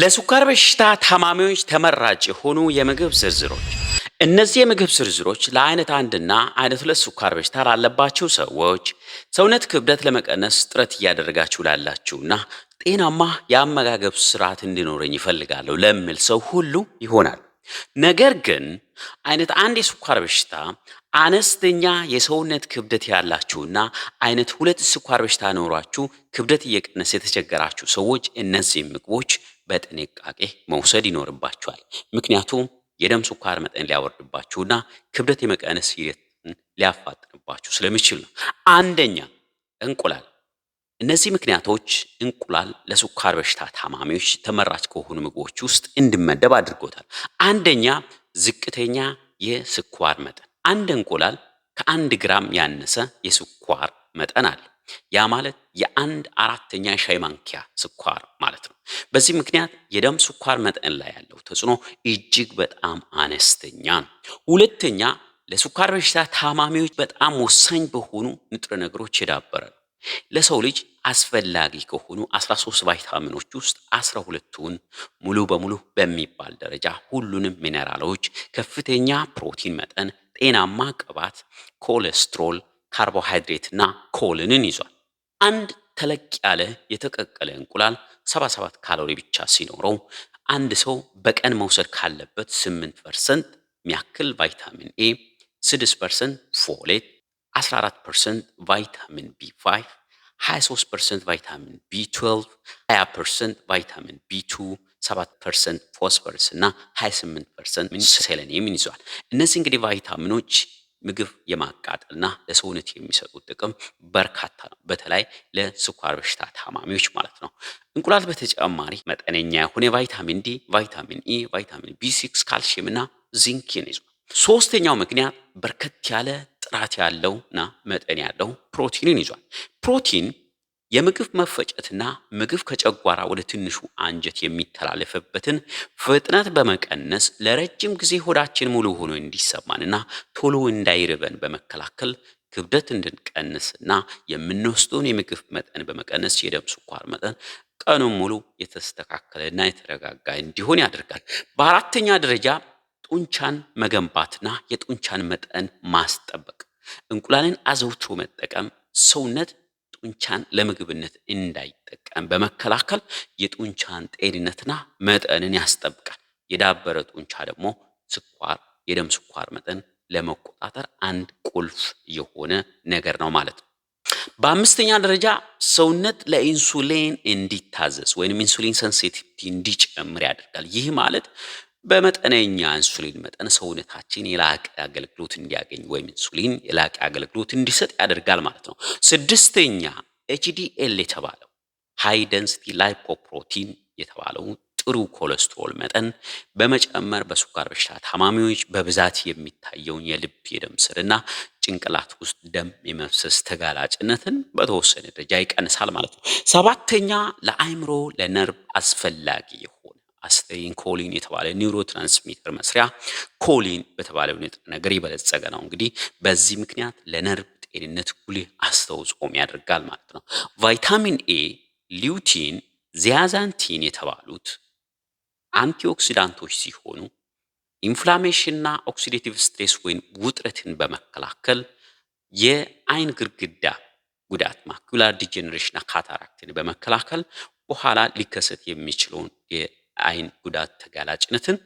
ለስኳር በሽታ ታማሚዎች ተመራጭ የሆኑ የምግብ ዝርዝሮች። እነዚህ የምግብ ዝርዝሮች ለአይነት አንድና አይነት ሁለት ስኳር በሽታ ላለባቸው ሰዎች፣ ሰውነት ክብደት ለመቀነስ ጥረት እያደረጋችሁ ላላችሁና ጤናማ የአመጋገብ ስርዓት እንዲኖረኝ ይፈልጋለሁ ለሚል ሰው ሁሉ ይሆናል። ነገር ግን አይነት አንድ የስኳር በሽታ አነስተኛ የሰውነት ክብደት ያላችሁና አይነት ሁለት ስኳር በሽታ ኖሯችሁ ክብደት እየቀነሰ የተቸገራችሁ ሰዎች እነዚህ ምግቦች በጥንቃቄ መውሰድ ይኖርባቸዋል። ምክንያቱም የደም ስኳር መጠን ሊያወርድባችሁና ክብደት የመቀነስ ሂደትን ሊያፋጥንባችሁ ስለሚችል ነው። አንደኛ እንቁላል። እነዚህ ምክንያቶች እንቁላል ለስኳር በሽታ ታማሚዎች ተመራጭ ከሆኑ ምግቦች ውስጥ እንዲመደብ አድርጎታል። አንደኛ ዝቅተኛ የስኳር መጠን። አንድ እንቁላል ከአንድ ግራም ያነሰ የስኳር መጠን አለ። ያ ማለት የአንድ አራተኛ ሻይ ማንኪያ ስኳር ማለት ነው። በዚህ ምክንያት የደም ስኳር መጠን ላይ ያለው ተጽዕኖ እጅግ በጣም አነስተኛ ነው። ሁለተኛ ለስኳር በሽታ ታማሚዎች በጣም ወሳኝ በሆኑ ንጥረ ነገሮች የዳበረ ነው። ለሰው ልጅ አስፈላጊ ከሆኑ 13 ቫይታሚኖች ውስጥ 12ቱን ሙሉ በሙሉ በሚባል ደረጃ ሁሉንም ሚነራሎች፣ ከፍተኛ ፕሮቲን መጠን፣ ጤናማ ቅባት፣ ኮሌስትሮል ካርቦሃይድሬትና ኮልንን ይዟል። አንድ ተለቅ ያለ የተቀቀለ እንቁላል 77 ካሎሪ ብቻ ሲኖረው አንድ ሰው በቀን መውሰድ ካለበት 8% የሚያክል ቫይታሚን ኤ፣ 6% ፎሌት፣ 14% ቫይታሚን ቢ5፣ 23% ቫይታሚን ቢ12፣ 20% ቫይታሚን ቢ2፣ 7% ፎስፈረስ እና 28% ሴለኒየምን ይዟል። እነዚህ እንግዲህ ቫይታሚኖች ምግብ የማቃጠልና ለሰውነት የሚሰጡት ጥቅም በርካታ ነው። በተለይ ለስኳር በሽታ ታማሚዎች ማለት ነው። እንቁላል በተጨማሪ መጠነኛ የሆነ ቫይታሚን ዲ፣ ቫይታሚን ኢ፣ ቫይታሚን ቢ6፣ ካልሽየም እና ዚንክን ይዟል። ሶስተኛው ምክንያት በርከት ያለ ጥራት ያለውና መጠን ያለው ፕሮቲንን ይዟል። ፕሮቲን የምግብ መፈጨትና ምግብ ከጨጓራ ወደ ትንሹ አንጀት የሚተላለፍበትን ፍጥነት በመቀነስ ለረጅም ጊዜ ሆዳችን ሙሉ ሆኖ እንዲሰማንና ቶሎ እንዳይርበን በመከላከል ክብደት እንድንቀንስና የምንወስደውን የምግብ መጠን በመቀነስ የደም ስኳር መጠን ቀኑን ሙሉ የተስተካከለና የተረጋጋ እንዲሆን ያደርጋል። በአራተኛ ደረጃ ጡንቻን መገንባትና የጡንቻን መጠን ማስጠበቅ፣ እንቁላልን አዘውትሮ መጠቀም ሰውነት ጡንቻን ለምግብነት እንዳይጠቀም በመከላከል የጡንቻን ጤንነትና መጠንን ያስጠብቃል። የዳበረ ጡንቻ ደግሞ ስኳር፣ የደም ስኳር መጠን ለመቆጣጠር አንድ ቁልፍ የሆነ ነገር ነው ማለት ነው። በአምስተኛ ደረጃ ሰውነት ለኢንሱሊን እንዲታዘዝ ወይም ኢንሱሊን ሰንሲቲቪቲ እንዲጨምር ያደርጋል። ይህ ማለት በመጠነኛ ኢንሱሊን መጠን ሰውነታችን የላቀ አገልግሎት እንዲያገኝ ወይም ኢንሱሊን የላቀ አገልግሎት እንዲሰጥ ያደርጋል ማለት ነው። ስድስተኛ ኤችዲኤል የተባለው ሃይ ደንስቲ ላይፖፕሮቲን የተባለው ጥሩ ኮለስትሮል መጠን በመጨመር በስኳር በሽታ ታማሚዎች በብዛት የሚታየውን የልብ የደም ስርና ጭንቅላት ውስጥ ደም የመፍሰስ ተጋላጭነትን በተወሰነ ደረጃ ይቀንሳል ማለት ነው። ሰባተኛ ለአይምሮ ለነርቭ አስፈላጊ አስተይን ኮሊን የተባለ ኒውሮ ትራንስሚተር መስሪያ ኮሊን በተባለው ንጥረ ነገር የበለጸገ ነው። እንግዲህ በዚህ ምክንያት ለነርቭ ጤንነት ጉልህ አስተዋጽኦም ያደርጋል ማለት ነው። ቫይታሚን ኤ፣ ሊዩቲን፣ ዚያዛንቲን የተባሉት አንቲኦክሲዳንቶች ሲሆኑ ኢንፍላሜሽንና ኦክሲዴቲቭ ስትሬስ ወይም ውጥረትን በመከላከል የአይን ግድግዳ ጉዳት ማኩላር ዲጀነሬሽንና ካታራክትን በመከላከል በኋላ ሊከሰት የሚችለውን የአይን ጉዳት ተጋላጭነትን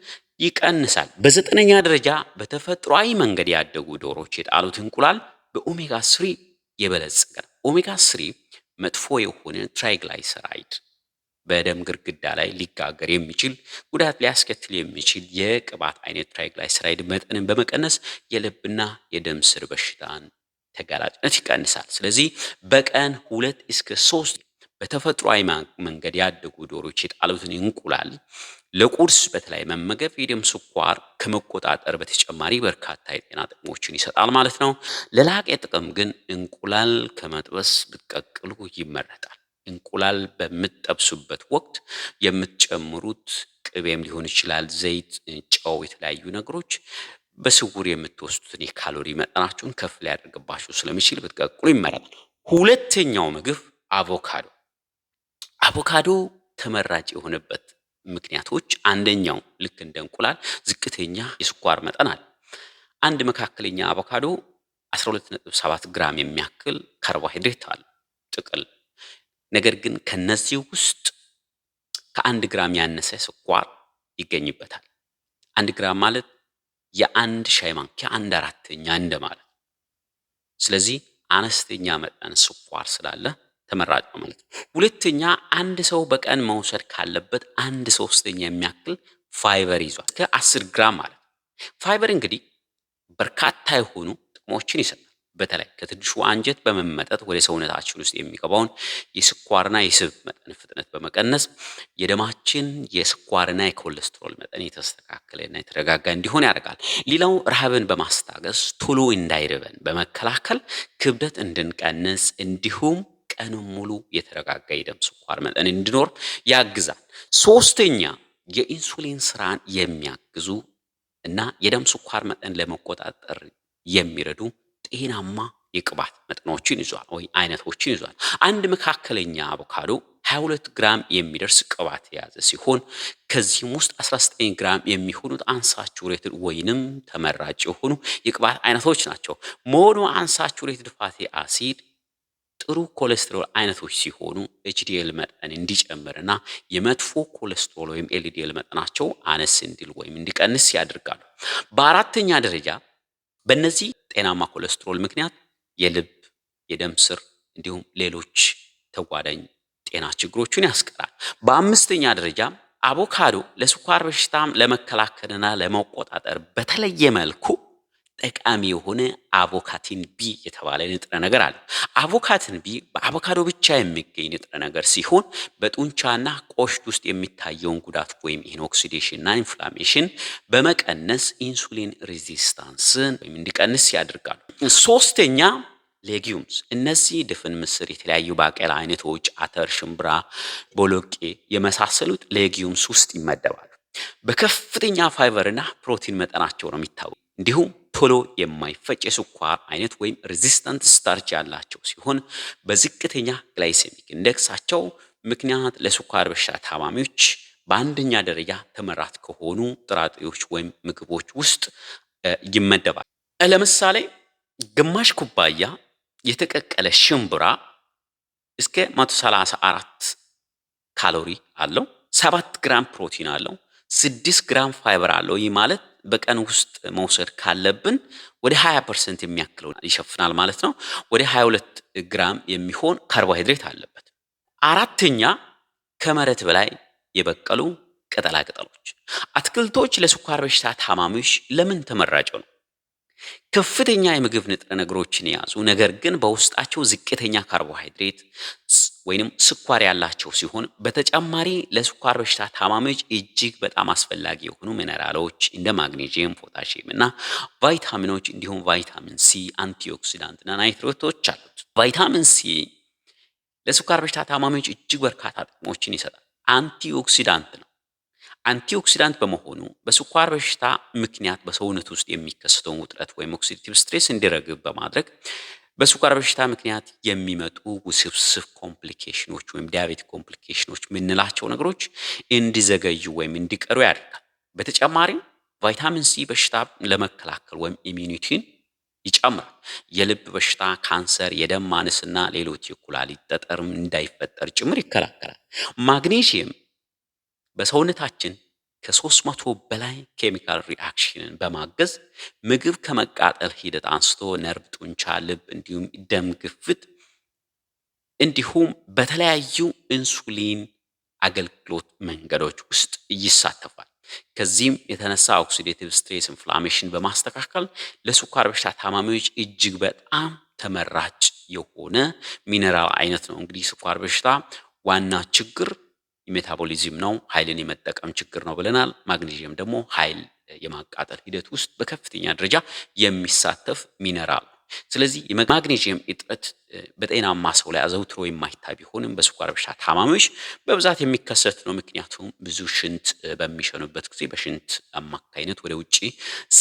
ይቀንሳል። በዘጠነኛ ደረጃ በተፈጥሯዊ መንገድ ያደጉ ዶሮዎች የጣሉት እንቁላል በኦሜጋ ስሪ የበለጸገ ነው። ኦሜጋ ስሪ መጥፎ የሆነ ትራይግላይሰራይድ በደም ግርግዳ ላይ ሊጋገር የሚችል ጉዳት ሊያስከትል የሚችል የቅባት አይነት ትራይግላይሰራይድ መጠንን በመቀነስ የልብና የደም ስር በሽታን ተጋላጭነት ይቀንሳል። ስለዚህ በቀን ሁለት እስከ ሶስት በተፈጥሯዊ መንገድ ያደጉ ዶሮዎች የጣሉትን እንቁላል ለቁርስ በተለይ መመገብ የደም ስኳር ከመቆጣጠር በተጨማሪ በርካታ የጤና ጥቅሞችን ይሰጣል ማለት ነው። ለላቀ ጥቅም ግን እንቁላል ከመጥበስ ብትቀቅሉ ይመረጣል። እንቁላል በምትጠብሱበት ወቅት የምትጨምሩት ቅቤም ሊሆን ይችላል፣ ዘይት፣ ጨው፣ የተለያዩ ነገሮች በስውር የምትወስዱትን የካሎሪ መጠናችሁን ከፍ ሊያደርግባችሁ ስለሚችል ብትቀቅሉ ይመረጣል። ሁለተኛው ምግብ አቮካዶ አቮካዶ ተመራጭ የሆነበት ምክንያቶች አንደኛው ልክ እንደ እንቁላል ዝቅተኛ የስኳር መጠን አለ። አንድ መካከለኛ አቮካዶ 12.7 ግራም የሚያክል ካርቦሃይድሬት አለ ጥቅል። ነገር ግን ከነዚህ ውስጥ ከአንድ ግራም ያነሰ ስኳር ይገኝበታል። አንድ ግራም ማለት የአንድ ሻይ ማንኪያ አንድ አራተኛ እንደማለት። ስለዚህ አነስተኛ መጠን ስኳር ስላለ ተመራጭ ነው ማለት ነው። ሁለተኛ አንድ ሰው በቀን መውሰድ ካለበት አንድ ሶስተኛ የሚያክል ፋይበር ይዟል፣ እስከ 10 ግራም ማለት ነው። ፋይበር እንግዲህ በርካታ የሆኑ ጥቅሞችን ይሰጣል። በተለይ ከትንሹ አንጀት በመመጠጥ ወደ ሰውነታችን ውስጥ የሚገባውን የስኳርና የስብ መጠን ፍጥነት በመቀነስ የደማችን የስኳርና የኮሌስትሮል መጠን የተስተካከለና የተረጋጋ እንዲሆን ያደርጋል። ሌላው ረሃብን በማስታገስ ቶሎ እንዳይርበን በመከላከል ክብደት እንድንቀንስ እንዲሁም ቀን ሙሉ የተረጋጋ የደም ስኳር መጠን እንዲኖር ያግዛል። ሶስተኛ የኢንሱሊን ስራን የሚያግዙ እና የደም ስኳር መጠን ለመቆጣጠር የሚረዱ ጤናማ የቅባት መጠኖችን ይዟል ወይ አይነቶችን ይዟል። አንድ መካከለኛ አቮካዶ 22 ግራም የሚደርስ ቅባት የያዘ ሲሆን ከዚህም ውስጥ 19 ግራም የሚሆኑት አንሳቹሬትድ ወይንም ተመራጭ የሆኑ የቅባት አይነቶች ናቸው። ሞኖ አንሳቹሬትድ ፋቲ አሲድ ጥሩ ኮሌስትሮል አይነቶች ሲሆኑ ኤችዲኤል መጠን እንዲጨምርና የመጥፎ ኮሌስትሮል ወይም ኤልዲኤል መጠናቸው አነስ እንዲል ወይም እንዲቀንስ ያደርጋሉ። በአራተኛ ደረጃ በእነዚህ ጤናማ ኮሌስትሮል ምክንያት የልብ፣ የደም ስር እንዲሁም ሌሎች ተጓዳኝ ጤና ችግሮችን ያስቀራል። በአምስተኛ ደረጃ አቮካዶ ለስኳር በሽታም ለመከላከልና ለመቆጣጠር በተለየ መልኩ ጠቃሚ የሆነ አቮካቲን ቢ የተባለ ንጥረ ነገር አለ። አቮካቲን ቢ በአቮካዶ ብቻ የሚገኝ ንጥረ ነገር ሲሆን በጡንቻና ቆሽት ውስጥ የሚታየውን ጉዳት ወይም ኢኖክሲዴሽንና ኢንፍላሜሽን በመቀነስ ኢንሱሊን ሬዚስታንስን ወይም እንዲቀንስ ያደርጋሉ። ሶስተኛ ሌጊዩምስ እነዚህ ድፍን ምስር፣ የተለያዩ ባቄላ አይነቶች፣ አተር፣ ሽምብራ፣ ቦሎቄ የመሳሰሉት ሌጊዩምስ ውስጥ ይመደባሉ። በከፍተኛ ፋይበርና ፕሮቲን መጠናቸው ነው የሚታወቁ እንዲሁም ቶሎ የማይፈጭ የስኳር አይነት ወይም ሬዚስታንት ስታርች ያላቸው ሲሆን በዝቅተኛ ግላይሴሚክ ኢንደክሳቸው ምክንያት ለስኳር በሽታ ታማሚዎች በአንደኛ ደረጃ ተመራት ከሆኑ ጥራጥሬዎች ወይም ምግቦች ውስጥ ይመደባል። ለምሳሌ ግማሽ ኩባያ የተቀቀለ ሽምብራ እስከ 134 ካሎሪ አለው፣ 7 ግራም ፕሮቲን አለው፣ 6 ግራም ፋይበር አለው። ይህ ማለት በቀን ውስጥ መውሰድ ካለብን ወደ 20 ፐርሰንት የሚያክለው ይሸፍናል ማለት ነው። ወደ 22 ግራም የሚሆን ካርቦሃይድሬት አለበት። አራተኛ ከመሬት በላይ የበቀሉ ቅጠላ ቅጠሎች፣ አትክልቶች ለስኳር በሽታ ታማሚዎች ለምን ተመራጭ ነው? ከፍተኛ የምግብ ንጥረ ነገሮችን የያዙ ነገር ግን በውስጣቸው ዝቅተኛ ካርቦሃይድሬት ወይንም ስኳር ያላቸው ሲሆን በተጨማሪ ለስኳር በሽታ ታማሚዎች እጅግ በጣም አስፈላጊ የሆኑ ሚነራሎች እንደ ማግኔዥየም፣ ፖታሺየም እና ቫይታሚኖች እንዲሁም ቫይታሚን ሲ፣ አንቲኦክሲዳንት እና ናይትሮቶች አሉት። ቫይታሚን ሲ ለስኳር በሽታ ታማሚዎች እጅግ በርካታ ጥቅሞችን ይሰጣል። አንቲኦክሲዳንት ነው። አንቲኦክሲዳንት በመሆኑ በስኳር በሽታ ምክንያት በሰውነት ውስጥ የሚከሰተውን ውጥረት ወይም ኦክሲዲቲቭ ስትሬስ እንዲረግብ በማድረግ በስኳር በሽታ ምክንያት የሚመጡ ውስብስብ ኮምፕሊኬሽኖች ወይም ዲያቤት ኮምፕሊኬሽኖች የምንላቸው ነገሮች እንዲዘገዩ ወይም እንዲቀሩ ያደርጋል። በተጨማሪም ቫይታሚን ሲ በሽታ ለመከላከል ወይም ኢሚኒቲን ይጨምራል። የልብ በሽታ፣ ካንሰር፣ የደም ማነስና ሌሎች የኩላሊት ጠጠርም እንዳይፈጠር ጭምር ይከላከላል። ማግኔሽየም በሰውነታችን ከሶስት መቶ በላይ ኬሚካል ሪአክሽንን በማገዝ ምግብ ከመቃጠል ሂደት አንስቶ ነርቭ፣ ጡንቻ፣ ልብ እንዲሁም ደም ግፍት እንዲሁም በተለያዩ ኢንሱሊን አገልግሎት መንገዶች ውስጥ ይሳተፋል። ከዚህም የተነሳ ኦክሲዴቲቭ ስትሬስ ኢንፍላሜሽን በማስተካከል ለስኳር በሽታ ታማሚዎች እጅግ በጣም ተመራጭ የሆነ ሚነራል አይነት ነው። እንግዲህ ስኳር በሽታ ዋና ችግር የሜታቦሊዝም ነው፣ ኃይልን የመጠቀም ችግር ነው ብለናል። ማግኔዥየም ደግሞ ኃይል የማቃጠል ሂደት ውስጥ በከፍተኛ ደረጃ የሚሳተፍ ሚነራል። ስለዚህ የማግኔዥየም እጥረት በጤናማ ሰው ላይ አዘውትሮ የማይታይ ቢሆንም በስኳር በሽታ ታማሚዎች በብዛት የሚከሰት ነው። ምክንያቱም ብዙ ሽንት በሚሸኑበት ጊዜ በሽንት አማካይነት ወደ ውጭ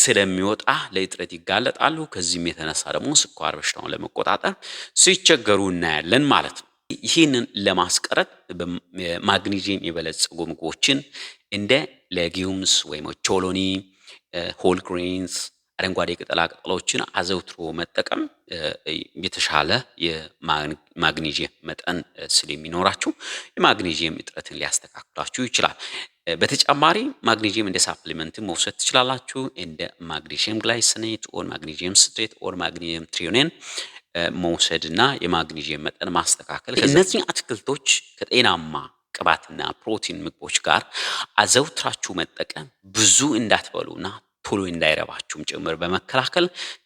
ስለሚወጣ ለእጥረት ይጋለጣሉ። ከዚህም የተነሳ ደግሞ ስኳር በሽታውን ለመቆጣጠር ሲቸገሩ እናያለን ማለት ነው። ይህንን ለማስቀረት ማግኒዚየም የበለጸጉ ምግቦችን እንደ ሌጊዩምስ ወይም ቾሎኒ፣ ሆል ግሬንስ፣ አረንጓዴ ቅጠላ ቅጠሎችን አዘውትሮ መጠቀም የተሻለ የማግኒዚየም መጠን ስለሚኖራችሁ የማግኒዥየም እጥረትን ሊያስተካክላችሁ ይችላል። በተጨማሪ ማግኒዥየም እንደ ሳፕሊመንት መውሰድ ትችላላችሁ። እንደ ማግኒዥየም ግላይሰኔት ኦር ማግኒዥየም ስትሬት ኦር ማግኒዥየም ትሪዮኔን መውሰድና የማግኒዥየም መጠን ማስተካከል። እነዚህ አትክልቶች ከጤናማ ቅባትና ፕሮቲን ምግቦች ጋር አዘውትራችሁ መጠቀም ብዙ እንዳትበሉና ቶሎ እንዳይረባችሁም ጭምር በመከላከል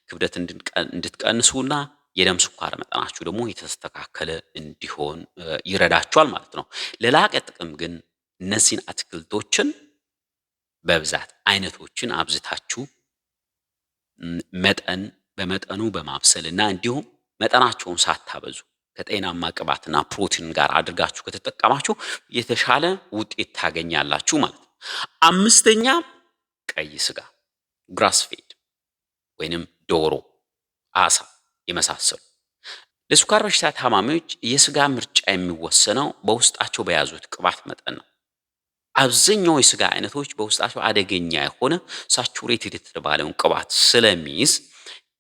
ክብደት እንድትቀንሱና የደም ስኳር መጠናችሁ ደግሞ የተስተካከለ እንዲሆን ይረዳችኋል ማለት ነው። ለላቀ ጥቅም ግን እነዚህን አትክልቶችን በብዛት አይነቶችን አብዝታችሁ መጠን በመጠኑ በማብሰል እና እንዲሁም መጠናቸውን ሳታበዙ ከጤናማ ቅባትና ፕሮቲን ጋር አድርጋችሁ ከተጠቀማችሁ የተሻለ ውጤት ታገኛላችሁ ማለት ነው። አምስተኛ ቀይ ስጋ ግራስፌድ ወይንም ዶሮ፣ አሳ የመሳሰሉ ለስኳር በሽታ ታማሚዎች የስጋ ምርጫ የሚወሰነው በውስጣቸው በያዙት ቅባት መጠን ነው። አብዛኛው የስጋ አይነቶች በውስጣቸው አደገኛ የሆነ ሳቹሬትድ የተባለውን ቅባት ስለሚይዝ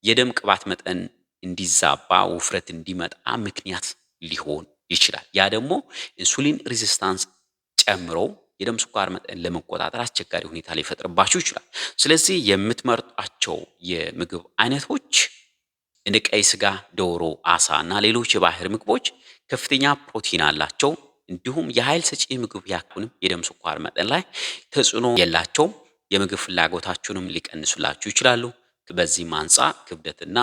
የደም ቅባት መጠን እንዲዛባ ውፍረት እንዲመጣ ምክንያት ሊሆን ይችላል። ያ ደግሞ ኢንሱሊን ሪዚስታንስ ጨምሮ የደም ስኳር መጠን ለመቆጣጠር አስቸጋሪ ሁኔታ ሊፈጥርባችሁ ይችላል። ስለዚህ የምትመርጧቸው የምግብ አይነቶች እንደ ቀይ ስጋ፣ ዶሮ፣ አሳ እና ሌሎች የባህር ምግቦች ከፍተኛ ፕሮቲን አላቸው። እንዲሁም የኃይል ሰጪ ምግብ ያኩንም የደም ስኳር መጠን ላይ ተጽዕኖ የላቸውም። የምግብ ፍላጎታችሁንም ሊቀንሱላችሁ ይችላሉ። በዚህም አንጻር ክብደትና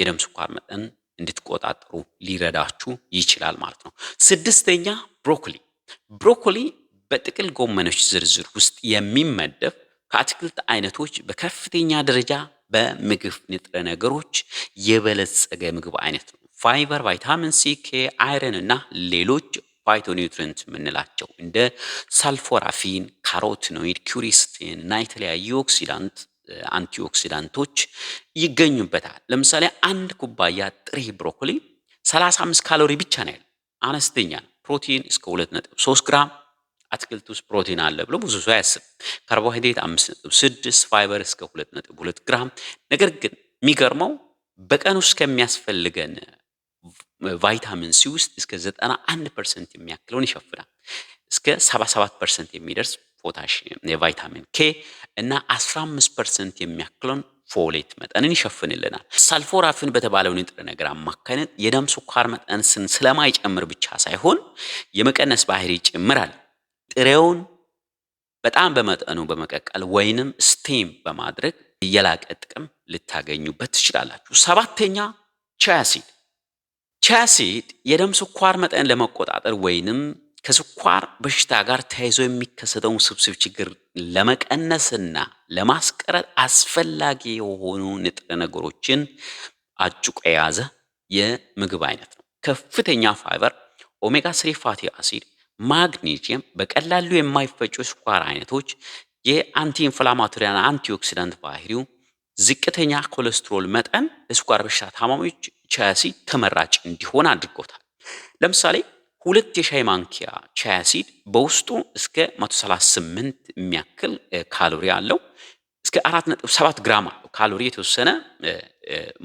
የደም ስኳር መጠን እንድትቆጣጠሩ ሊረዳችሁ ይችላል ማለት ነው። ስድስተኛ ብሮኮሊ። ብሮኮሊ በጥቅል ጎመኖች ዝርዝር ውስጥ የሚመደብ ከአትክልት አይነቶች በከፍተኛ ደረጃ በምግብ ንጥረ ነገሮች የበለጸገ ምግብ አይነት ነው። ፋይበር፣ ቫይታሚን ሲ፣ ኬ፣ አይረን እና ሌሎች ፋይቶኒውትሪንት የምንላቸው እንደ ሳልፎራፊን፣ ካሮቲኖይድ፣ ኪሪስቲን እና የተለያዩ ኦክሲዳንት አንቲኦክሲዳንቶች ይገኙበታል። ለምሳሌ አንድ ኩባያ ጥሬ ብሮኮሊ 35 ካሎሪ ብቻ ነው ያለው፣ አነስተኛ ነው። ፕሮቲን እስከ 2.3 ግራም አትክልት ውስጥ ፕሮቲን አለ ብሎ ብዙ ሰው አያስብ። ካርቦሃይድሬት 5.6፣ ፋይበር እስከ 2.2 ግራም። ነገር ግን የሚገርመው በቀን ውስጥ ከሚያስፈልገን ቫይታሚን ሲ ውስጥ እስከ 91 ፐርሰንት የሚያክለውን ይሸፍናል። እስከ 77 ፐርሰንት የሚደርስ ፖታሽ የቫይታሚን ኬ እና 15 ፐርሰንት የሚያክለውን ፎሌት መጠንን ይሸፍንልናል። ሳልፎራፊን በተባለው ንጥረ ነገር አማካይነት የደም ስኳር መጠን ስን ስለማይጨምር ብቻ ሳይሆን የመቀነስ ባህሪ ይጨምራል። ጥሬውን በጣም በመጠኑ በመቀቀል ወይንም ስቴም በማድረግ የላቀ ጥቅም ልታገኙበት ትችላላችሁ። ሰባተኛ ቻያሲድ። ቻያሲድ የደም ስኳር መጠን ለመቆጣጠር ወይንም ከስኳር በሽታ ጋር ተያይዞ የሚከሰተውን ውስብስብ ችግር ለመቀነስና ለማስቀረት አስፈላጊ የሆኑ ንጥረ ነገሮችን አጭቆ የያዘ የምግብ አይነት ነው። ከፍተኛ ፋይበር፣ ኦሜጋ ስሪ ፋቲ አሲድ፣ ማግኔዥየም፣ በቀላሉ የማይፈጩ ስኳር አይነቶች፣ የአንቲ ኢንፍላማቶሪና አንቲ ኦክሲዳንት ባህሪው፣ ዝቅተኛ ኮሌስትሮል መጠን ለስኳር በሽታ ታማሚዎች ቻያሲ ተመራጭ እንዲሆን አድርጎታል። ለምሳሌ ሁለት የሻይ ማንኪያ ቻይ አሲድ በውስጡ እስከ 138 የሚያክል ካሎሪ አለው። እስከ 4.7 ግራም አለው። ካሎሪ የተወሰነ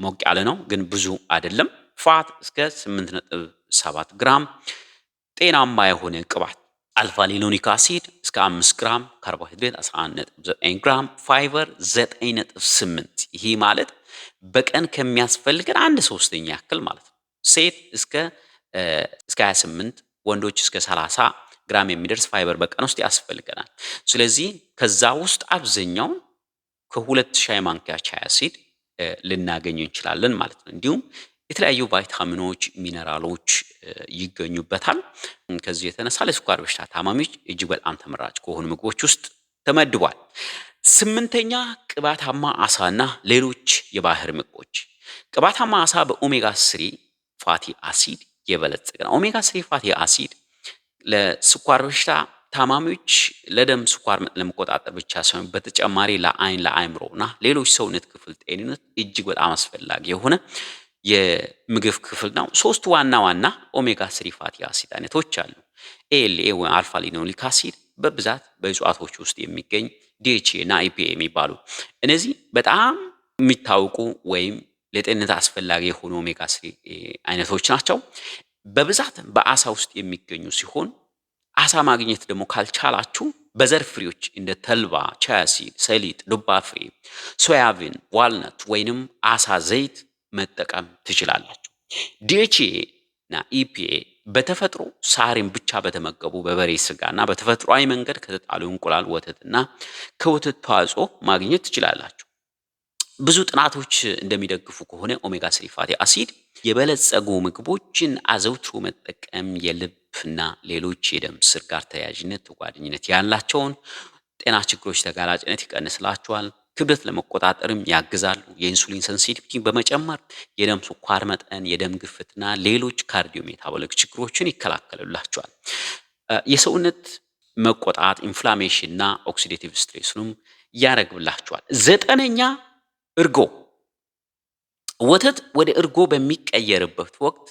ሞቅ ያለ ነው፣ ግን ብዙ አይደለም። ፋት እስከ 8.7 ግራም፣ ጤናማ የሆነ ቅባት አልፋ ሊኖኒክ አሲድ እስከ 5 ግራም፣ ካርቦሃይድሬት 11.9 ግራም፣ ፋይበር 9.8 ይህ ማለት በቀን ከሚያስፈልገን አንድ ሶስተኛ ያክል ማለት ነው። ሴት እስከ እስከ 28 ወንዶች እስከ 30 ግራም የሚደርስ ፋይበር በቀን ውስጥ ያስፈልገናል። ስለዚህ ከዛ ውስጥ አብዛኛውን ከሁለት ሻይ ማንኪያ ቻይ አሲድ ልናገኝ እንችላለን ማለት ነው። እንዲሁም የተለያዩ ቫይታሚኖች፣ ሚነራሎች ይገኙበታል። ከዚህ የተነሳ ለስኳር በሽታ ታማሚዎች እጅግ በጣም ተመራጭ ከሆኑ ምግቦች ውስጥ ተመድቧል። ስምንተኛ ቅባታማ አሳና ሌሎች የባህር ምግቦች። ቅባታማ አሳ በኦሜጋ ስሪ ፋቲ አሲድ የበለጸገ ነው። ኦሜጋ ስሪ ፋቲ አሲድ ለስኳር በሽታ ታማሚዎች ለደም ስኳር ለመቆጣጠር ብቻ ሳይሆን በተጨማሪ ለአይን፣ ለአእምሮ እና ሌሎች ሰውነት ክፍል ጤንነት እጅግ በጣም አስፈላጊ የሆነ የምግብ ክፍል ነው። ሶስት ዋና ዋና ኦሜጋ ስሪ ፋቲ አሲድ አይነቶች አሉ። ኤልኤ ወይም አልፋ ሊኖሊክ አሲድ በብዛት በእጽዋቶች ውስጥ የሚገኝ ዲኤችኤ እና ኢፒኤ የሚባሉ እነዚህ በጣም የሚታወቁ ወይም ለጤንነት አስፈላጊ የሆኑ ኦሜጋ ስሪ አይነቶች ናቸው። በብዛት በአሳ ውስጥ የሚገኙ ሲሆን አሳ ማግኘት ደግሞ ካልቻላችሁ በዘር ፍሬዎች እንደ ተልባ፣ ቻያሲ፣ ሰሊጥ፣ ዱባ ፍሬ፣ ሶያቪን፣ ዋልነት ወይንም አሳ ዘይት መጠቀም ትችላላችሁ። ዲኤችኤ እና ኢፒኤ በተፈጥሮ ሳሪን ብቻ በተመገቡ በበሬ ስጋና በተፈጥሯዊ መንገድ ከተጣሉ እንቁላል፣ ወተትና ከወተት ተዋጽኦ ማግኘት ትችላላችሁ። ብዙ ጥናቶች እንደሚደግፉ ከሆነ ኦሜጋ ስሪ ፋቲ አሲድ የበለጸጉ ምግቦችን አዘውትሮ መጠቀም የልብና ሌሎች የደም ስር ጋር ተያያዥነት ጓደኝነት ያላቸውን ጤና ችግሮች ተጋላጭነት ይቀንስላቸዋል። ክብደት ለመቆጣጠርም ያግዛሉ። የኢንሱሊን ሰንሲቲቪቲ በመጨመር የደም ስኳር መጠን፣ የደም ግፍትና ሌሎች ካርዲዮ ሜታቦሊክ ችግሮችን ይከላከሉላቸዋል። የሰውነት መቆጣት ኢንፍላሜሽንና ኦክሲዴቲቭ ስትሬስንም ያረግብላቸዋል። ዘጠነኛ እርጎ ወተት ወደ እርጎ በሚቀየርበት ወቅት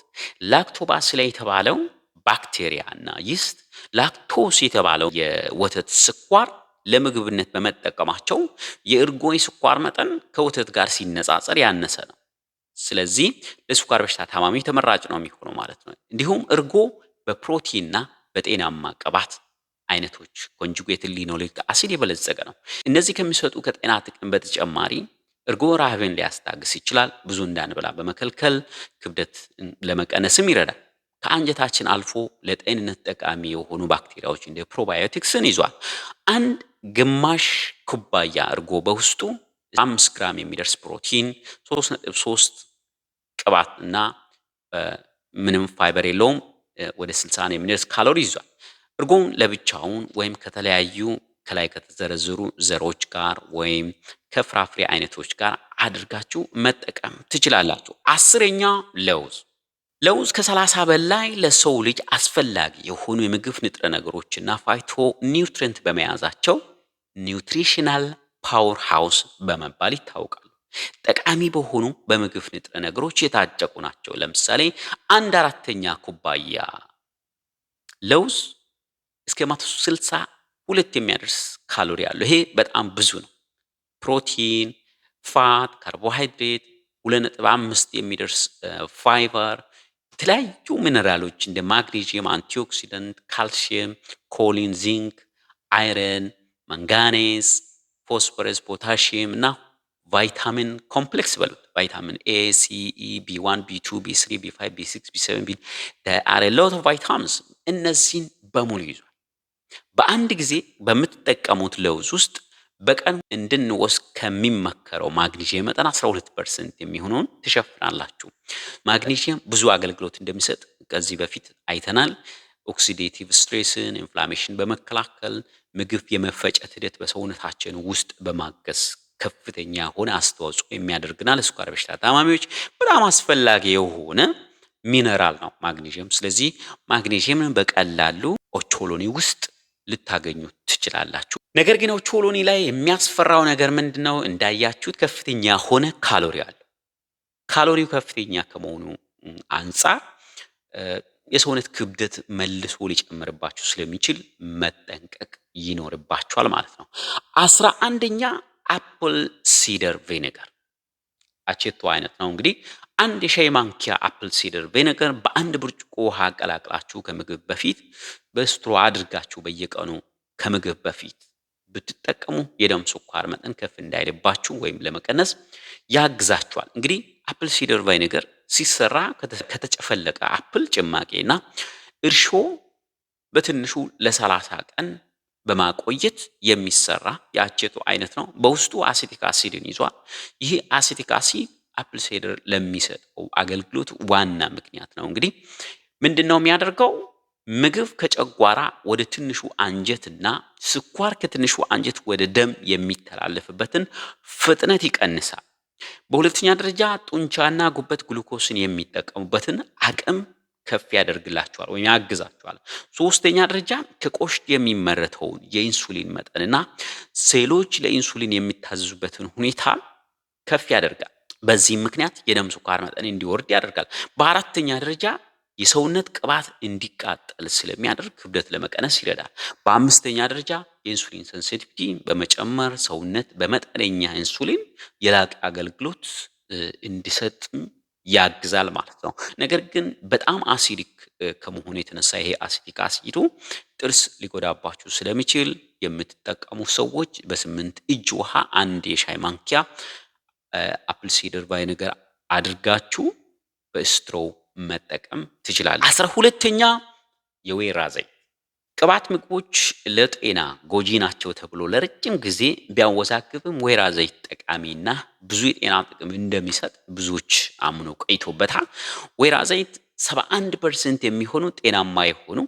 ላክቶባስ ላይ የተባለው ባክቴሪያ እና ይስት ላክቶስ የተባለው የወተት ስኳር ለምግብነት በመጠቀማቸው የእርጎ የስኳር መጠን ከወተት ጋር ሲነጻጸር ያነሰ ነው። ስለዚህ ለስኳር በሽታ ታማሚ ተመራጭ ነው የሚሆነው ማለት ነው። እንዲሁም እርጎ በፕሮቲንና በጤናማ ቅባት አይነቶች ኮንጁጌት ሊኖሊክ አሲድ የበለጸገ ነው። እነዚህ ከሚሰጡ ከጤና ጥቅም በተጨማሪ እርጎ ረሃብን ሊያስታግስ ይችላል። ብዙ እንዳንበላ በመከልከል ክብደት ለመቀነስም ይረዳል። ከአንጀታችን አልፎ ለጤንነት ጠቃሚ የሆኑ ባክቴሪያዎች እንደ ፕሮባዮቲክስን ይዟል። አንድ ግማሽ ኩባያ እርጎ በውስጡ 5 ግራም የሚደርስ ፕሮቲን፣ ሶስት ቅባት እና ምንም ፋይበር የለውም። ወደ ስልሳ የሚደርስ ካሎሪ ይዟል። እርጎን ለብቻውን ወይም ከተለያዩ ከላይ ከተዘረዘሩ ዘሮች ጋር ወይም ከፍራፍሬ አይነቶች ጋር አድርጋችሁ መጠቀም ትችላላችሁ። አስረኛ ለውዝ ለውዝ ከሰላሳ በላይ ለሰው ልጅ አስፈላጊ የሆኑ የምግብ ንጥረ ነገሮችና ፋይቶ ኒውትሪንት በመያዛቸው ኒውትሪሽናል ፓወር ሃውስ በመባል ይታወቃሉ። ጠቃሚ በሆኑ በምግብ ንጥረ ነገሮች የታጨቁ ናቸው። ለምሳሌ አንድ አራተኛ ኩባያ ለውዝ እስከ 160 ሁለት የሚያደርስ ካሎሪ አለው። ይሄ በጣም ብዙ ነው። ፕሮቲን፣ ፋት፣ ካርቦሃይድሬት ሁለት ነጥብ አምስት የሚደርስ ፋይበር፣ የተለያዩ ሚነራሎች እንደ ማግኔዥየም፣ አንቲኦክሲደንት፣ ካልሲየም፣ ኮሊን፣ ዚንክ፣ አይረን፣ መንጋኔዝ፣ ፎስፎረስ ፖታሽየም እና ቫይታሚን ኮምፕሌክስ በሉት ቫይታሚን ኤ ሲ ኢ ቢ ዋን ቢ ቱ ቢ ስሪ ቢ ፋይቭ ቢ ሲክስ ቢ ሰቨን ቢ አር ሎት ኦፍ ቫይታሚንስ እነዚህን በሙሉ ይዟል። በአንድ ጊዜ በምትጠቀሙት ለውዝ ውስጥ በቀን እንድንወስድ ከሚመከረው ማግኒዥየም መጠን 12 ፐርሰንት የሚሆነውን ትሸፍናላችሁ። ማግኒዥየም ብዙ አገልግሎት እንደሚሰጥ ከዚህ በፊት አይተናል። ኦክሲዴቲቭ ስትሬስን፣ ኢንፍላሜሽን በመከላከል ምግብ የመፈጨት ሂደት በሰውነታችን ውስጥ በማገዝ ከፍተኛ የሆነ አስተዋጽኦ የሚያደርግና ለስኳር በሽታ ታማሚዎች በጣም አስፈላጊ የሆነ ሚነራል ነው ማግኒዥየም። ስለዚህ ማግኒዥየምን በቀላሉ ኦቾሎኒ ውስጥ ልታገኙ ትችላላችሁ። ነገር ግን ኦቾሎኒ ላይ የሚያስፈራው ነገር ምንድን ነው? እንዳያችሁት ከፍተኛ ሆነ ካሎሪ አለው። ካሎሪው ከፍተኛ ከመሆኑ አንጻር የሰውነት ክብደት መልሶ ሊጨምርባችሁ ስለሚችል መጠንቀቅ ይኖርባችኋል ማለት ነው። አስራ አንደኛ አፕል ሲደር ቪኔጋር አቼቶ አይነት ነው እንግዲህ አንድ የሻይ ማንኪያ አፕል ሲደር ቬነገር በአንድ ብርጭቆ ውሃ አቀላቅላችሁ ከምግብ በፊት በስትሮ አድርጋችሁ በየቀኑ ከምግብ በፊት ብትጠቀሙ የደም ስኳር መጠን ከፍ እንዳይልባችሁ ወይም ለመቀነስ ያግዛችኋል። እንግዲህ አፕል ሲደር ቫይነገር ሲሰራ ከተጨፈለቀ አፕል ጭማቂና እርሾ በትንሹ ለሰላሳ ቀን በማቆየት የሚሰራ የአቼቶ አይነት ነው። በውስጡ አሴቲክ አሲድን ይዟል። ይህ አሴቲክ አሲድ አፕል ሴደር ለሚሰጠው አገልግሎት ዋና ምክንያት ነው። እንግዲህ ምንድን ነው የሚያደርገው? ምግብ ከጨጓራ ወደ ትንሹ አንጀትና ስኳር ከትንሹ አንጀት ወደ ደም የሚተላለፍበትን ፍጥነት ይቀንሳል። በሁለተኛ ደረጃ ጡንቻና ጉበት ግሉኮስን የሚጠቀሙበትን አቅም ከፍ ያደርግላቸዋል ወይም ያግዛቸዋል። ሶስተኛ ደረጃ ከቆሽት የሚመረተውን የኢንሱሊን መጠንና ሴሎች ለኢንሱሊን የሚታዘዙበትን ሁኔታ ከፍ ያደርጋል። በዚህም ምክንያት የደም ስኳር መጠን እንዲወርድ ያደርጋል። በአራተኛ ደረጃ የሰውነት ቅባት እንዲቃጠል ስለሚያደርግ ክብደት ለመቀነስ ይረዳል። በአምስተኛ ደረጃ የኢንሱሊን ሴንሲቲቪቲ በመጨመር ሰውነት በመጠነኛ ኢንሱሊን የላቀ አገልግሎት እንዲሰጥም ያግዛል ማለት ነው። ነገር ግን በጣም አሲዲክ ከመሆኑ የተነሳ ይሄ አሲዲክ አሲዱ ጥርስ ሊጎዳባችሁ ስለሚችል የምትጠቀሙ ሰዎች በስምንት እጅ ውሃ አንድ የሻይ ማንኪያ አፕል ሲደር ነገር አድርጋችሁ በስትሮው መጠቀም ትችላለ። አስራ ሁለተኛ የወይራ ዘይት ቅባት ምግቦች ለጤና ጎጂ ናቸው ተብሎ ለረጅም ጊዜ ቢያወዛግብም ወይራ ዘይት ጠቃሚና ብዙ የጤና ጥቅም እንደሚሰጥ ብዙዎች አምነው ቆይቶበታል። ወይራ ዘይት 71 ፐርሰንት የሚሆኑ ጤናማ የሆኑ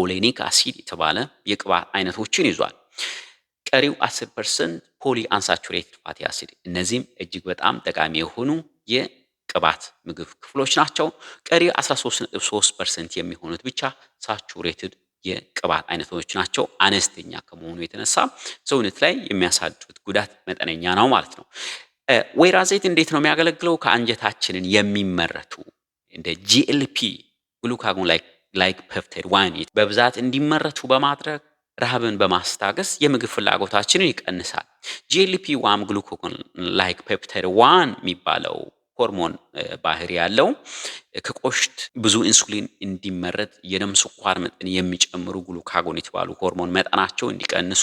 ኦሌኒክ አሲድ የተባለ የቅባት አይነቶችን ይዟል። ቀሪው 10 ፐርሰንት ፖሊ አንሳቹሬትድ ፋቲ አሲድ። እነዚህም እጅግ በጣም ጠቃሚ የሆኑ የቅባት ምግብ ክፍሎች ናቸው። ቀሪ 13.3 ፐርሰንት የሚሆኑት ብቻ ሳቹሬትድ የቅባት አይነቶች ናቸው። አነስተኛ ከመሆኑ የተነሳ ሰውነት ላይ የሚያሳድሩት ጉዳት መጠነኛ ነው ማለት ነው። ወይራ ዘይት እንዴት ነው የሚያገለግለው? ከአንጀታችንን የሚመረቱ እንደ ጂኤልፒ ግሉካጎን ላይክ ፔፕታይድ ዋን በብዛት እንዲመረቱ በማድረግ ረሃብን በማስታገስ የምግብ ፍላጎታችንን ይቀንሳል። ጂኤልፒ ዋም ግሉኮን ላይክ ፔፕታይድ ዋን የሚባለው ሆርሞን ባህሪ ያለው ከቆሽት ብዙ ኢንሱሊን እንዲመረት የደም ስኳር መጠን የሚጨምሩ ግሉካጎን የተባሉ ሆርሞን መጠናቸው እንዲቀንሱ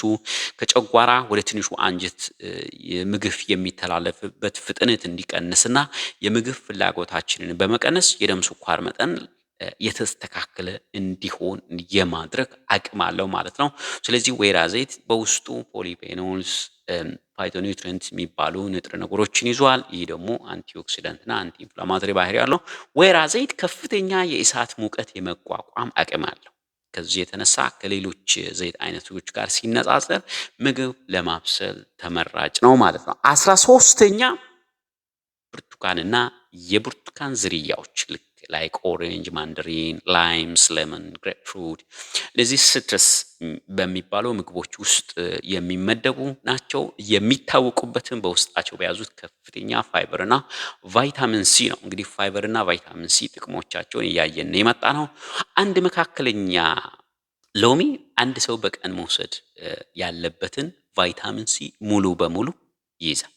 ከጨጓራ ወደ ትንሹ አንጀት ምግብ የሚተላለፍበት ፍጥነት እንዲቀንስና የምግብ ፍላጎታችንን በመቀነስ የደም ስኳር መጠን የተስተካከለ እንዲሆን የማድረግ አቅም አለው ማለት ነው። ስለዚህ ወይራ ዘይት በውስጡ ፖሊፔኖልስ ፋይቶኒውትሪንት የሚባሉ ንጥረ ነገሮችን ይዟል። ይህ ደግሞ አንቲኦክሲዳንትና አንቲ ኢንፍላማቶሪ ባህሪ ያለው ወይራ ዘይት ከፍተኛ የእሳት ሙቀት የመቋቋም አቅም አለው። ከዚህ የተነሳ ከሌሎች ዘይት አይነቶች ጋር ሲነጻጸር ምግብ ለማብሰል ተመራጭ ነው ማለት ነው። አስራ ሶስተኛ ብርቱካንና የብርቱካን ዝርያዎች ላይክ ኦሬንጅ፣ ማንደሪን፣ ላይምስ፣ ለመን፣ ግሬፕፍሩት እነዚህ ስትረስ በሚባለው ምግቦች ውስጥ የሚመደቡ ናቸው። የሚታወቁበትን በውስጣቸው በያዙት ከፍተኛ ፋይበርና ቫይታሚን ሲ ነው። እንግዲህ ፋይበርና ቫይታሚን ሲ ጥቅሞቻቸውን እያየን የመጣ ነው። አንድ መካከለኛ ሎሚ አንድ ሰው በቀን መውሰድ ያለበትን ቫይታሚን ሲ ሙሉ በሙሉ ይይዛል።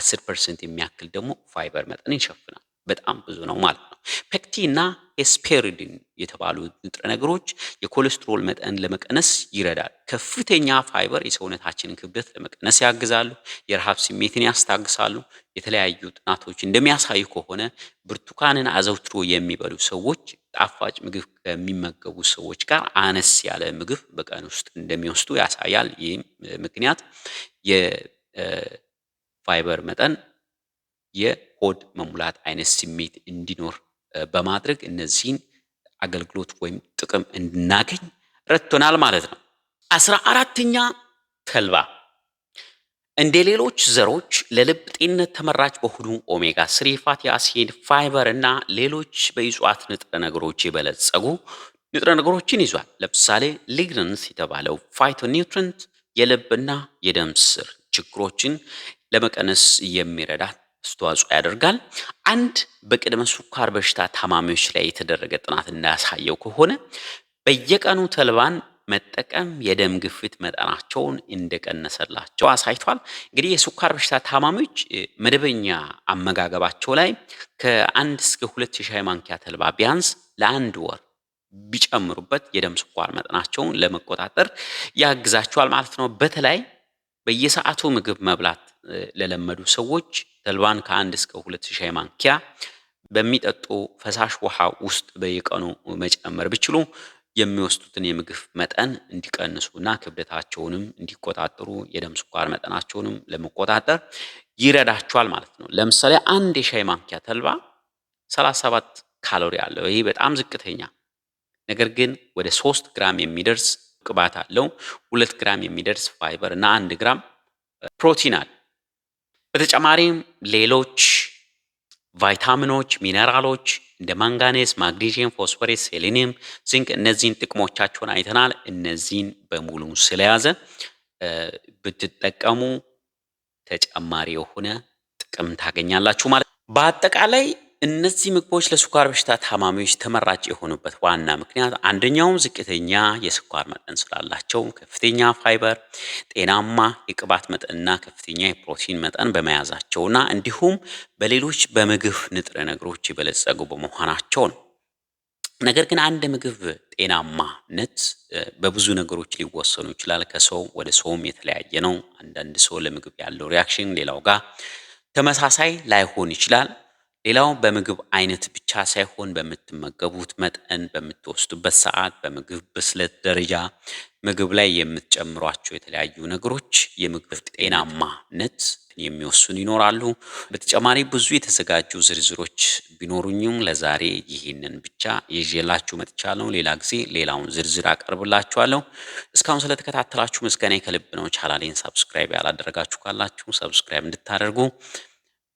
አስር ፐርሰንት የሚያክል ደግሞ ፋይበር መጠን ይሸፍናል። በጣም ብዙ ነው ማለት ነው። ፔክቲን እና ኤስፔሪዲን የተባሉ ንጥረ ነገሮች የኮሌስትሮል መጠን ለመቀነስ ይረዳል። ከፍተኛ ፋይበር የሰውነታችንን ክብደት ለመቀነስ ያግዛሉ፣ የረሃብ ስሜትን ያስታግሳሉ። የተለያዩ ጥናቶች እንደሚያሳዩ ከሆነ ብርቱካንን አዘውትሮ የሚበሉ ሰዎች ጣፋጭ ምግብ ከሚመገቡ ሰዎች ጋር አነስ ያለ ምግብ በቀን ውስጥ እንደሚወስዱ ያሳያል። ይህም ምክንያት የፋይበር መጠን የሆድ መሙላት አይነት ስሜት እንዲኖር በማድረግ እነዚህን አገልግሎት ወይም ጥቅም እንድናገኝ ረድቶናል ማለት ነው። አስራ አራተኛ ተልባ እንደ ሌሎች ዘሮች ለልብ ጤንነት ተመራጭ በሆኑ ኦሜጋ ስሪ ፋቲ አሲድ፣ ፋይበር እና ሌሎች በእጽዋት ንጥረ ነገሮች የበለጸጉ ንጥረ ነገሮችን ይዟል። ለምሳሌ ሊግናንስ የተባለው ፋይቶኒውትረንት የልብና የደም ስር ችግሮችን ለመቀነስ የሚረዳ አስተዋጽኦ ያደርጋል። አንድ በቅድመ ስኳር በሽታ ታማሚዎች ላይ የተደረገ ጥናት እንዳያሳየው ከሆነ በየቀኑ ተልባን መጠቀም የደም ግፊት መጠናቸውን እንደቀነሰላቸው አሳይቷል። እንግዲህ የስኳር በሽታ ታማሚዎች መደበኛ አመጋገባቸው ላይ ከአንድ እስከ ሁለት ሻይ ማንኪያ ተልባ ቢያንስ ለአንድ ወር ቢጨምሩበት የደም ስኳር መጠናቸውን ለመቆጣጠር ያግዛቸዋል ማለት ነው። በተለይ በየሰዓቱ ምግብ መብላት ለለመዱ ሰዎች ተልባን ከአንድ እስከ ሁለት ሻይ ማንኪያ በሚጠጡ ፈሳሽ ውሃ ውስጥ በየቀኑ መጨመር ቢችሉ የሚወስዱትን የምግብ መጠን እንዲቀንሱና ክብደታቸውንም እንዲቆጣጠሩ የደም ስኳር መጠናቸውንም ለመቆጣጠር ይረዳቸዋል ማለት ነው። ለምሳሌ አንድ የሻይ ማንኪያ ተልባ 37 ካሎሪ አለው። ይህ በጣም ዝቅተኛ ነገር ግን ወደ ሶስት ግራም የሚደርስ ቅባት አለው። ሁለት ግራም የሚደርስ ፋይበር እና አንድ ግራም ፕሮቲን አለ። በተጨማሪም ሌሎች ቫይታሚኖች፣ ሚነራሎች እንደ ማንጋኔስ፣ ማግኒዥየም፣ ፎስፎሬስ፣ ሴሌኒየም፣ ዚንክ እነዚህን ጥቅሞቻቸውን አይተናል። እነዚህን በሙሉ ስለያዘ ብትጠቀሙ ተጨማሪ የሆነ ጥቅም ታገኛላችሁ ማለት በአጠቃላይ እነዚህ ምግቦች ለስኳር በሽታ ታማሚዎች ተመራጭ የሆኑበት ዋና ምክንያት አንደኛውም ዝቅተኛ የስኳር መጠን ስላላቸው ከፍተኛ ፋይበር፣ ጤናማ የቅባት መጠንና ከፍተኛ የፕሮቲን መጠን በመያዛቸውና እንዲሁም በሌሎች በምግብ ንጥረ ነገሮች የበለጸጉ በመሆናቸው ነው። ነገር ግን አንድ ምግብ ጤናማነት በብዙ ነገሮች ሊወሰኑ ይችላል። ከሰው ወደ ሰውም የተለያየ ነው። አንዳንድ ሰው ለምግብ ያለው ሪያክሽን ሌላው ጋር ተመሳሳይ ላይሆን ይችላል። ሌላው በምግብ አይነት ብቻ ሳይሆን በምትመገቡት መጠን፣ በምትወስዱበት ሰዓት፣ በምግብ ብስለት ደረጃ ምግብ ላይ የምትጨምሯቸው የተለያዩ ነገሮች የምግብ ጤናማነት የሚወስኑ ይኖራሉ። በተጨማሪ ብዙ የተዘጋጁ ዝርዝሮች ቢኖሩኝም ለዛሬ ይህንን ብቻ ይዤላችሁ መጥቻለሁ። ሌላ ጊዜ ሌላውን ዝርዝር አቀርብላችኋለሁ። እስካሁን ስለተከታተላችሁ ምስጋና ከልብ ነው። ቻናሌን ሰብስክራይብ ያላደረጋችሁ ካላችሁ ሰብስክራይብ እንድታደርጉ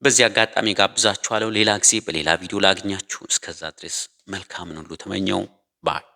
በዚህ አጋጣሚ ጋብዛችኋለሁ። ሌላ ጊዜ በሌላ ቪዲዮ ላግኛችሁ። እስከዛ ድረስ መልካምን ሁሉ ተመኘው ባይ